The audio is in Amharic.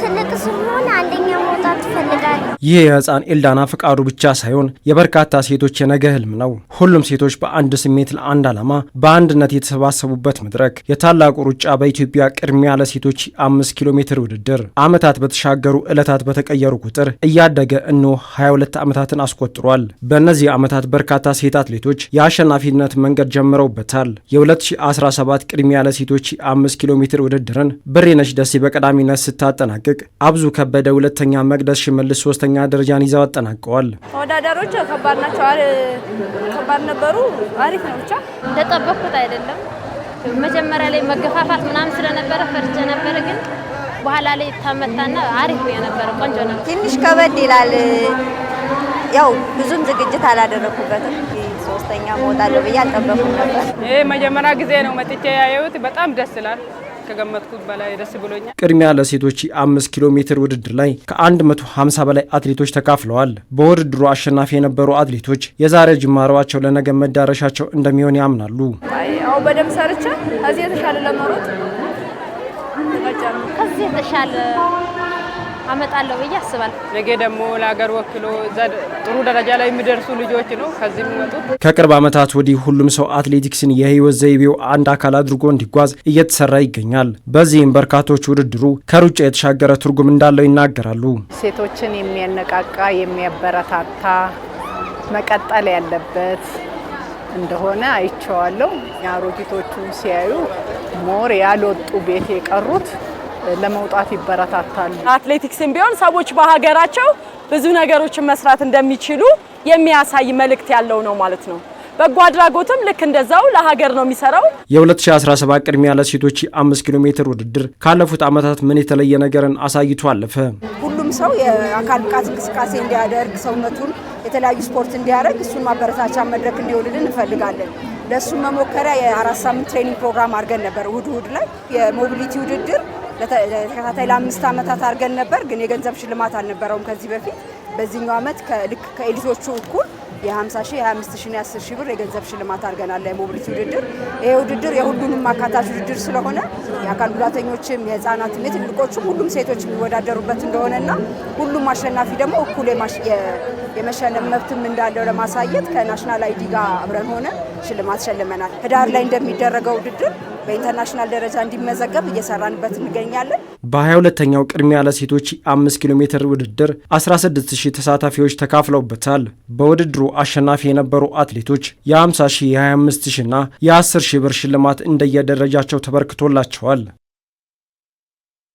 ትልቅ ስሆን አንደኛ መውጣት እፈልጋለሁ። ይህ የህፃን ኤልዳና ፍቃዱ ብቻ ሳይሆን የበርካታ ሴቶች የነገ ህልም ነው። ሁሉም ሴቶች በአንድ ስሜት ለአንድ ዓላማ በአንድነት የተሰባሰቡበት መድረክ የታላቁ ሩጫ በኢትዮጵያ ቅድሚያ ለሴቶች አምስት ኪሎ ሜትር ውድድር ዓመታት በተሻገሩ ዕለታት በተቀየሩ ቁጥር እያደገ እኖ 22 ዓመታትን አስቆጥሯል። በእነዚህ ዓመታት በርካታ ሴት አትሌቶች የአሸናፊነት መንገድ ጀምረውበታል። የ2017 ቅድሚያ ለሴቶች አምስት ኪሎ ሜትር ውድድርን ብሬነሽ ደሴ በቀዳሚነት ስታጠናቅቅ፣ አብዙ ከበደ ሁለተኛ፣ መቅደስ ሽመልስ ሶስተኛ ሶስተኛ ደረጃን ይዘው አጠናቀዋል። ተወዳዳሪዎች ከባድ ናቸው፣ ከባድ ነበሩ። አሪፍ ነው ብቻ እንደጠበኩት አይደለም። መጀመሪያ ላይ መገፋፋት ምናምን ስለነበረ ፈርቼ ነበረ፣ ግን በኋላ ላይ ተመታና አሪፍ ነው የነበረ። ቆንጆ ነው። ትንሽ ከበድ ይላል። ያው ብዙም ዝግጅት አላደረኩበትም። ሶስተኛ መወጣለሁ ብዬ አልጠበኩም ነበር። ይህ መጀመሪያ ጊዜ ነው መጥቼ ያየሁት። በጣም ደስ ይላል። ከገመትኩት በላይ ደስ ብሎኛል። ቅድሚያ ለሴቶች አምስት ኪሎ ሜትር ውድድር ላይ ከአንድ መቶ ሀምሳ በላይ አትሌቶች ተካፍለዋል። በውድድሩ አሸናፊ የነበሩ አትሌቶች የዛሬ ጅማሬዋቸው ለነገ መዳረሻቸው እንደሚሆን ያምናሉ። አዎ በደምብ ሰርቻ ከዚህ የተሻለ ለመሮጥ ከዚህ የተሻለ አመጣለሁ ብዬ አስባለሁ። ነገ ደግሞ ለሀገር ወክሎ ጥሩ ደረጃ ላይ የሚደርሱ ልጆች ነው ከዚህ ከቅርብ ዓመታት ወዲህ ሁሉም ሰው አትሌቲክስን የህይወት ዘይቤው አንድ አካል አድርጎ እንዲጓዝ እየተሰራ ይገኛል። በዚህም በርካቶች ውድድሩ ከሩጫ የተሻገረ ትርጉም እንዳለው ይናገራሉ። ሴቶችን የሚያነቃቃ የሚያበረታታ መቀጠል ያለበት እንደሆነ አይቼዋለሁ። አሮጊቶቹ ሲያዩ ሞር ያልወጡ ቤት የቀሩት ለመውጣት ይበረታታል። አትሌቲክስም ቢሆን ሰዎች በሀገራቸው ብዙ ነገሮችን መስራት እንደሚችሉ የሚያሳይ መልእክት ያለው ነው ማለት ነው። በጎ አድራጎትም ልክ እንደዛው ለሀገር ነው የሚሰራው። የ2017 ቅድሚያ ለሴቶች አምስት ኪሎ ሜትር ውድድር ካለፉት ዓመታት ምን የተለየ ነገርን አሳይቶ አለፈ? ሁሉም ሰው የአካል ብቃት እንቅስቃሴ እንዲያደርግ ሰውነቱን የተለያዩ ስፖርት እንዲያደርግ እሱን ማበረታቻ መድረክ እንዲሆንልን እንፈልጋለን። ለእሱም መሞከሪያ የአራት ሳምንት ትሬኒንግ ፕሮግራም አድርገን ነበር እሁድ እሁድ ላይ የሞቢሊቲ ውድድር ለተከታታይ ለአምስት ዓመታት አድርገን ነበር፣ ግን የገንዘብ ሽልማት አልነበረውም ከዚህ በፊት። በዚህኛው ዓመት ልክ ከኤሊቶቹ እኩል የ50 ሺ፣ የ25 ሺ እና የ10 ሺ ብር የገንዘብ ሽልማት አድርገናል ለሞቢሊቲ ውድድር። ይሄ ውድድር የሁሉንም አካታች ውድድር ስለሆነ የአካል ጉዳተኞችም፣ የህፃናትም፣ የትልቆቹም ሁሉም ሴቶች የሚወዳደሩበት እንደሆነና ሁሉም አሸናፊ ደግሞ እኩል የመሸለም መብትም እንዳለው ለማሳየት ከናሽናል አይዲ ጋር አብረን ሆነ ሽልማት ሸልመናል። ህዳር ላይ እንደሚደረገው ውድድር በኢንተርናሽናል ደረጃ እንዲመዘገብ እየሰራንበት እንገኛለን። በ22ኛው ቅድሚያ ለሴቶች 5 ኪሎ ሜትር ውድድር 16000 ተሳታፊዎች ተካፍለውበታል። በውድድሩ አሸናፊ የነበሩ አትሌቶች የ50 የ የ25 ሺ እና የ10 ሺ ብር ሽልማት እንደየደረጃቸው ተበርክቶላቸዋል።